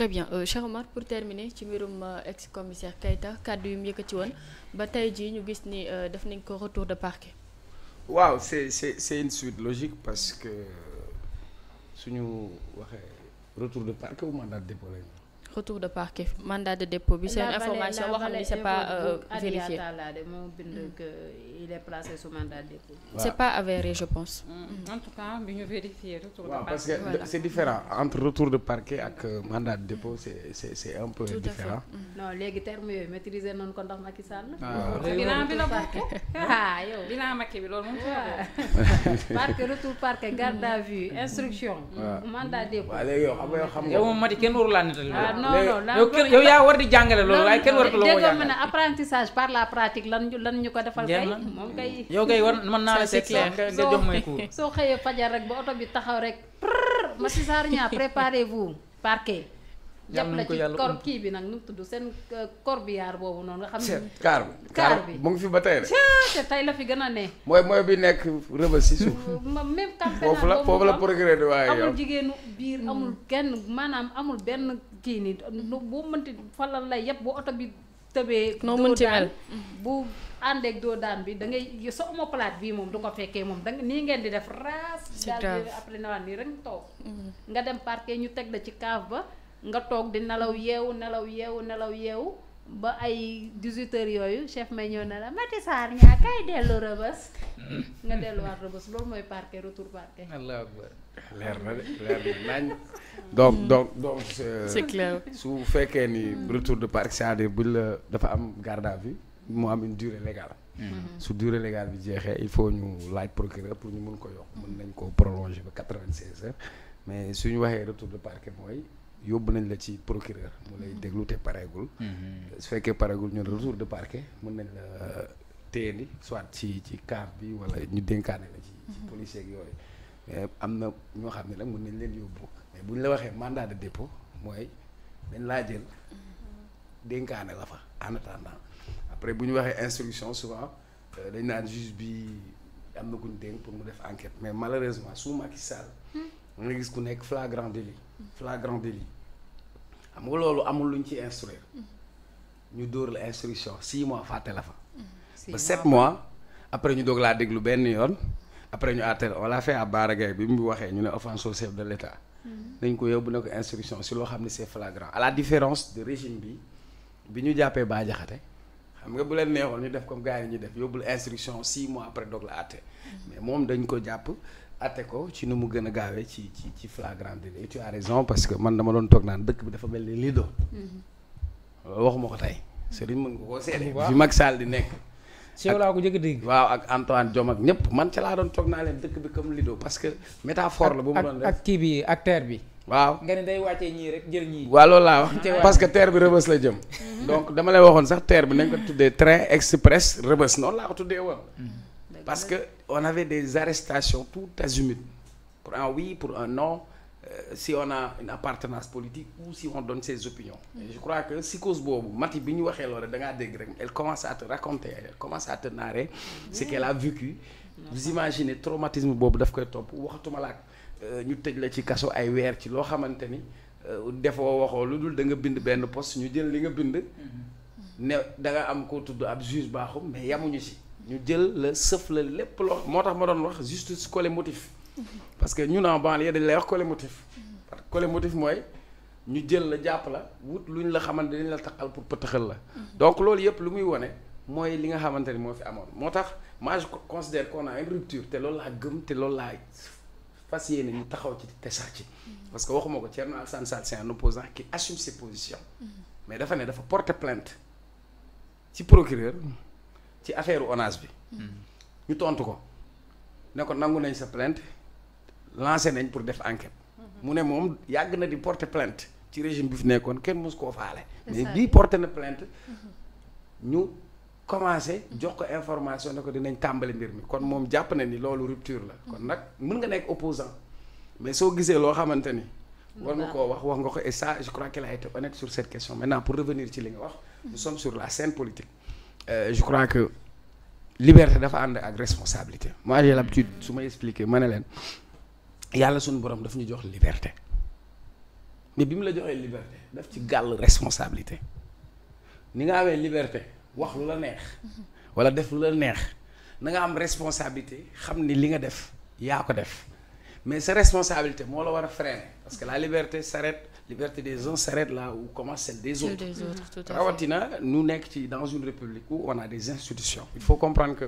très bien euh, Cheikh Omar pour terminer ci mbirum euh, ex commissaire Keita kàddu yu mu yëkkati woon ba tey jii ñu gis ni euh, def nañ ko retour de parquet. waaw c'est c'est c'est une suite logique parce que suñu waxee retour de parquet ou mandat de dépôt lañu retour de parquet mandat de dépôt bi. c'est une information boo xam ne c'est pas euh, vérifié. moo bind mm. que il est placé sous mandat de dépôt. c'est pas avéré je pense. Mm. Mm. en tout cas bi ñu vérifié retour de parquet. parce que c'est différent entre retour de parquet ak euh, mandat de dépôt c'est un peu différent. non léegi terme yooyu maîtriser nañu ko ndax Macky Sall. bilan bi la bokk ah, ah yow bilan Macky bi loolu moom. parquet retour parquet garde à vue instruction. mandat de dépôt. waaw léegi yow non non yow yaa war di jàngale loolu waaye kenn waratu loo ko jàngale ne apprentissage par la pratique lan lan ñu ko defal kay moom kay yow kay war mën naa la c'est clair nga jox may cours soo xëyee fajar rek ba oto bi taxaw rek ma si saar ñaa préparez-vous parquet yàlla nañ ko yàlla ci kii bi nag nu mu tudd seen corbillard euh, boobu noonu nga xam ne. kaar bi kaar bi mu ngi fi ba tey de. te tey la fi gën a ne. mooy mooy bi nekk rëbës si suuf. même campagne foofu la foofu la progrès di waaye yow amul jigéenu biir mm. amul kenn maanaam amul benn kii nii mm-hmm. boo mënti falal lay yëpp bu oto bi tëbee. noo mënti mel mm-hmm. bu. àndeeg doo daan bi da ngay sa omoplate bii moom du ko fekkee moom da nii ngeen di def raas. daal après nawaan nii rek toog. Mm-hmm. nga dem parquet ñu teg la ci kaaf ba. nga toog di nelaw yeewu nelaw yeewu nelaw yeewu ba ay 18 yooyu chef may ñëw na la Mati Sarr ñaa kay dellu rëbës nga delluwaat rëbës loolu mooy parquet retour parquet. allahu akbar leer na de leer na nañ. donc hmm. donc donc. Euh, su fekkee ni retour de parquet cest à buñ la dafa am garde à vue mu am une dure légale. Hmm. su durée légale bi jeexee il faut ñu laaj procureur pour ñu mun ko yokk. mun nañ koo prolonger ba 96 heures mais suñu waxee retour de parquet mooy. yóbbu nañ la ci procureur mu lay mm-hmm. déglu te pareegul. Mm-hmm. su fekkee pareegul ñun retour de parquet mën nañ la euh, téyandi soit ci ci kaaf bi wala ñu dénkaane la ci. ci mm-hmm. policier yooyu. mais am na ñoo xam ne nag mën nañ leen yóbbu mais bu ñu la waxee mandat de dépôt mooy dañ laa jël dénkaane la fa en attendant après bu ñu waxee instruction souvent euh, dañ naan juge bi am na ku dénk pour mu def enquête mais malheureusement su Macky Sall hmm. da nga gis ku nekk flagrant délit flagrant délit xam nga loolu amul lu ñu ci instruire ñu dóor la instruction six mois fàtte la fa ba sept mois après ñu dog laa déglu benn yoon après ñu àttel on l'a fait à Bara Gaye bi mu waxee ñu ne offense au chef de l'État dañ mm-hmm. ko yóbbu ne ko instruction si loo xam ne c'est flagrant à la différence de régime bi bi ñu jàppee Bah Diakhaté xam nga bu leen neexoon ñu def comme gars yi ñu def yóbbul instruction six mois après doog la mm-hmm. mais moom dañ ko jàpp atte ko ci nu mu gën a gaawee ci ci ci flagrant délit parce que man dama doon toog naan dëkk bi dafa mel ni lii doon mm-hmm. waxuma ko tey Serigne mën nga koo seede fi Macky di nekk si yow ko njëkk a dégg waaw ak Antoine Diome ak ñëpp man ca laa naa leen dëkk bi comme parce que métaphore la bu mu doon def ak kii bi ak terre bi waaw nga ne day wàccee ñii rek jël ñii waaw loolu laa wax parce que terre bi rëbës la jëm mm-hmm. donc dama lay waxoon sax terre bi nañ tuddee train express rëbës noonu laa ko tuddee woon mm-hmm. parce que on avait des arrestations tout azimuts pour un oui pour un non euh, si on a une appartenance politique ou si on donne ses opinions. je crois que si cause boobu Mati bi ñu waxee loolu da ngaa dégg rek elle commence à te raconter elle commence à te narrer ce qu'elle a vécu. vous imaginez traumatisme boobu daf koy topp waxatuma laak euh, ñu tëj la ci kaso ay weer ci loo xamante ni euh, defoo waxoo lu dul da nga bind benn poste ñu jël li nga bind. Mm-hmm. ne danga am koo tudd ab juge baaxum mais yamuñu ci. ñu jël la sëf la lépp loo moo tax ma doon wax justice collé motif parce que ñun en banlieue dañ lay wax collé motif parce que collé motif mooy ñu jël la jàpp la wut lu ñu la xamante dañ la taqal pour pëtëxal la donc loolu yëpp lu muy wone mooy li nga xamante ni moo fi amoon moo tax moi je considère qu'on a rupture te loolu laa gëm te loolu laa fas yéene ñu taxaw ci te sax ci parce que waxuma ko Thierno Alassane Sall c'est un opposant qui assume ses positions mm-hmm. mais dafa ne dafa porter plainte ci procureur ci affaire ONAS bi. ñu tontu ko ne ko nangu nañ sa plainte lancer nañ pour def enquête. Mhm. mu ne moom yàgg na di porter plainte ci régime bi fi nekkoon kenn mos koo faale. mais bii porte na plainte mhm. ñu commencé jox ko information ne ko dinañ tàmbali mbir mi kon moom jàpp na ni loolu rupture la. kon mhm. nag mun nga nekk opposant mais soo gisee loo xamante ni. war nga koo wax wax nga ko et ça je crois qu'il a été honnête sur cette question maintenant pour revenir ci li nga wax. nous sommes la scène politique. euh, je crois que liberté dafa ànd ak responsabilité moi j'ai l'habitude su ma expliquer ma ne leen yàlla suñu borom daf ñu jox liberté mais bi mu la joxee liberté def ci gàll responsabilité ni nga amee liberté wax lu la neex wala def lu la neex na nga am responsabilité xam ni li nga def yaa ko def mais sa responsabilité moo la war a freiner parce que liberté s'arrête liberté des uns s'arrête la où commence des autres. des autres nekk ci dans une république où on a des institutions. il faut comprendre que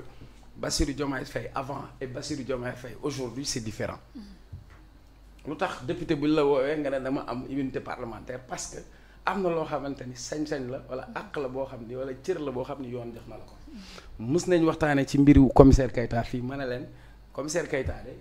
Bassirou Diomaye Faye avant et Bassirou Diomaye Faye aujourd'hui c'est différent mm-hmm. lu tax député bu la woowee nga ne dama am immunité parlementaire parce que am na loo xamante ni sañ-sañ la wala mm-hmm. àq la boo xam ni wala cër la boo xam ni yoon jox na la ko. mus nañ waxtaanee ci mbiru commissaire Keita fii ma ne leen commissaire Keita de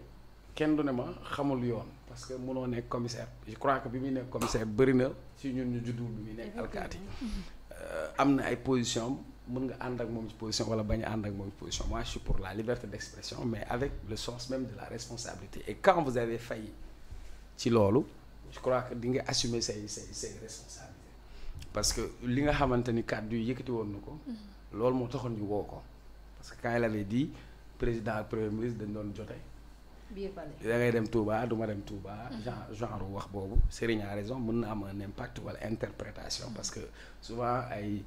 kenn du ne ma xamul yoon. parce que mënoo nekk commissaire je crois que bi muy nekk commissaire bëri na si ñun ñu juddu bi muy nekk alkaati euh, am na ay position mën nga ànd ak moom ci position wala bañ a ànd ak moom ci position moi je suis pour la liberté d'expression mais avec le sens même de la responsabilité et quand vous avez failli ci loolu je crois que di nga assumer say say say responsabilités parce que li nga xamante ni kàddu yi yëkkati woon na ko mm-hmm. loolu moo taxoon ñu woo ko parce que quand il avait dit président ak premier ministre doon jotee da ngay dem Touba du ma dem Touba. Mhm. genre genre wax boobu Serigne a raison mën na am un impact wala interprétation mhm. parce que souvent ay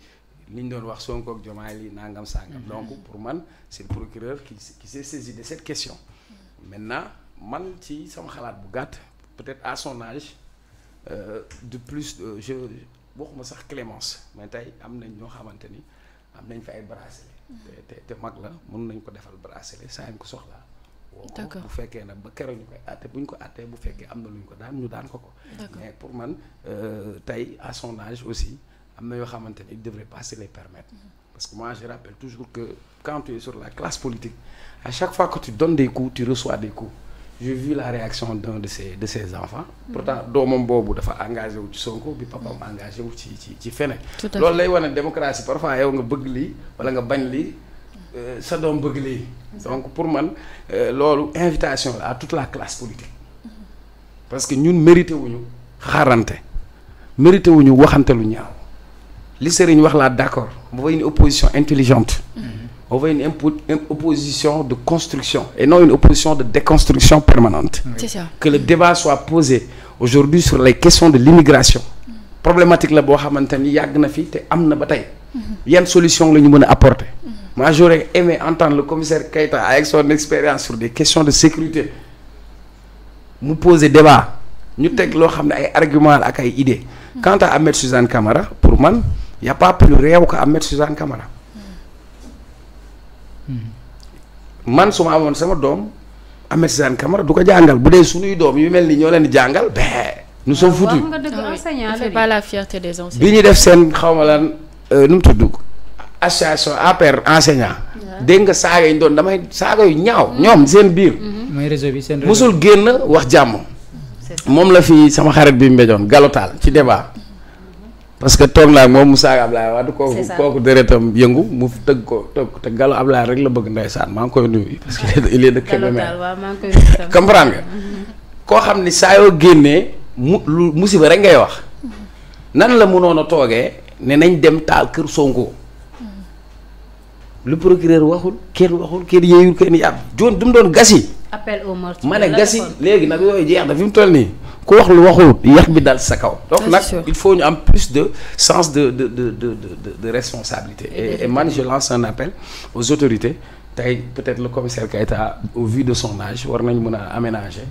ni ñu doon wax Sonko ak Jomaay li nangam sangam. Mhm. donc pour man c'est le procureur qui qui s'est saisi de cette question. maintenant man ci sama xalaat bu gàtt peut-être à son âge euh, de plus euh, je waxuma sax clémence mais tey am nañ ñoo xamante ni am nañ fi ay bracelet. te te mag la mën nañ ko defal bracelet saa ko soxlaa. d'accord bu fekkee nag ba keroog ñu koy àtte bu ñu ko àttee bu fekkee am na lu ñu ko daan ñu daan ko ko. mais pour man euh, tey à aussi am na yoo xamante ne il devrait pas se les permettre. Mhm. parce que moi je rappelle toujours que quand tu es sur la classe politique à chaque fois que tu donnes des coups tu reçois des coups. j'ai vu la réaction de ses de ses enfants. Mhm. doomam boobu dafa engagé wu ci Sonko bi papaam mhm. engagé wu ci ci ci loolu lay wane démocratie parfois yow Euh, sa doom bëgg lii donc pour man euh, loolu invitation la à toute la classe politique parce que ñun mérité wuñu xaarante wu ñu waxante lu ñaaw li Serigne wax laa d'accord on veut une opposition intelligente on veut une opposition de construction et non une opposition de déconstruction permanente c'est ça que le débat soit posé aujourd'hui sur les questions de l'immigration problématique la boo xamante ni yàgg na fi te am na ba tey mhm. yan solution la ñu mën a apporter Moi, j'aurais aimé entendre le commissaire Keïta avec son expérience sur des questions de sécurité mu poser débat ñu teg loo xam ne ay argument la ak ay idées. quant à Ahmed Suzanne Camara pour man y' a pas plus réew que Ahmed Suzanne Camara. man su ma amoon sama doom Ahmed Suzanne Camara du ko jàngal bu dee suñuy doom yu mel ni ñoo leen di jàngal ba nous sommes ah, foutus. waaw wax nga dëgg ah enseignant bi ñu def seen xawma ma euh, nu mu tudd. association APR enseignant. dégg nga saaga yi doon damay saaga yu ñaaw. ñoom seen biir. mooy réseau bi seen réseau musul génn wax jàmm. moom la fi sama xarit bi mbéjoon galotaal ci débat. parce que toog naa moom mu saaga Ablaye Wade kooku kooku deretam yëngu mu tëgg ko tëgg te galo Ablaye rek la bëgg saan maa ngi koy nuyu parce que il est de Kébémer comprendre nga koo xam ni saa yoo génnee mu musiba rek ngay wax nan la mënoon a toogee ne nañ dem taal kër Sonko lu procureur waxul kenn waxul kenn yeeyul kenn yàpp joon du mu doon gasi appel au mort ma ne gasi léegi nag yooyu jeex na fi mu toll nii ku wax lu waxul yàq bi daal sa kaw donc nag il faut ñu am plus de sens de de de de de de responsabilité et man je lance un appel aux autorités tey peut-être le commissaire Keita au vie de sonage war nañu mën a aménager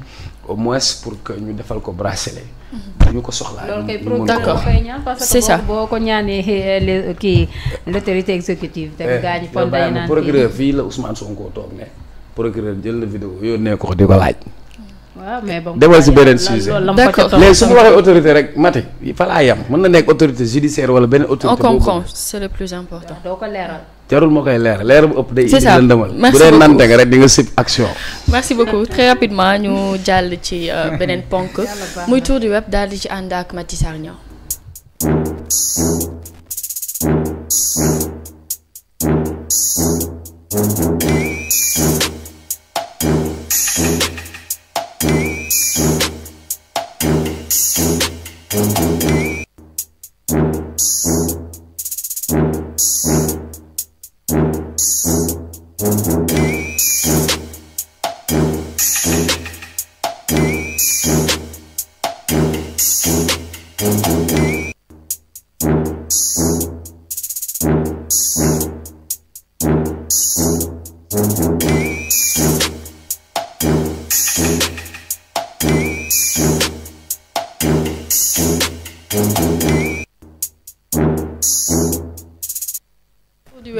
au moins pour que ñu defal ko bracelet. Mhm. ñu ko soxlaa ñu mën ko d'accord parce boo ko ñaanee kii l'autorité exécutive. te eh, gaa ñu fal day naan procureur fii la Ousmane Sonko toog ne procureur jël na vidéo yónnee ko di ko laaj. demal si beneen sujet d'accord léegi su ñu waxee autorité rek mate fa laa na nekk autorité judiciaire wala beneen autorité on comprend c'est le plus important doo ko leeral jarul moo koy leer leer bu ëpp day indi lan demal bu dee nante nga rek di nga sib action merci beaucoup très rapidement ñu jàll ci euh, beneen ponk muy tour du web daal di ci ànd ak Mati Sarr Niang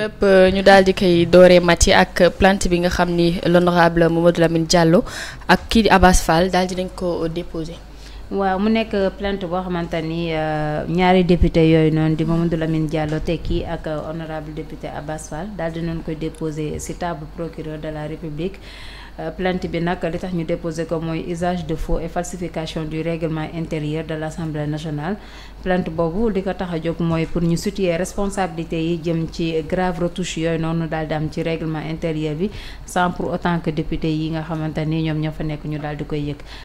lépp euh, ñu daal di doore mat mati ak plainte bi nga xam ni l'honorable Mamadou Lamine Diallo ak kii di Abass Fall daal di nañ ko déposé. waaw mu nekk plainte boo xamante ni euh, ñaari député yooyu noonu di Mamadou Lamine Diallo Tekki ak euh, honorable député Abass Fall daal di nañ koy déposé ci table de la République euh, plainte bi nag li tax ñu déposé ko mooy usage de faux et du règlement intérieur de l'Assemblée nationale plainte boobu li ko tax a jóg mooy pour ñu situer responsabilité yi jëm ci grave retouche yooyu noonu daal di am ci règlement intérieur bi sans pour autant que député yi nga xamante ni ñoom ñoo fa nekk ñu daal di koy yëg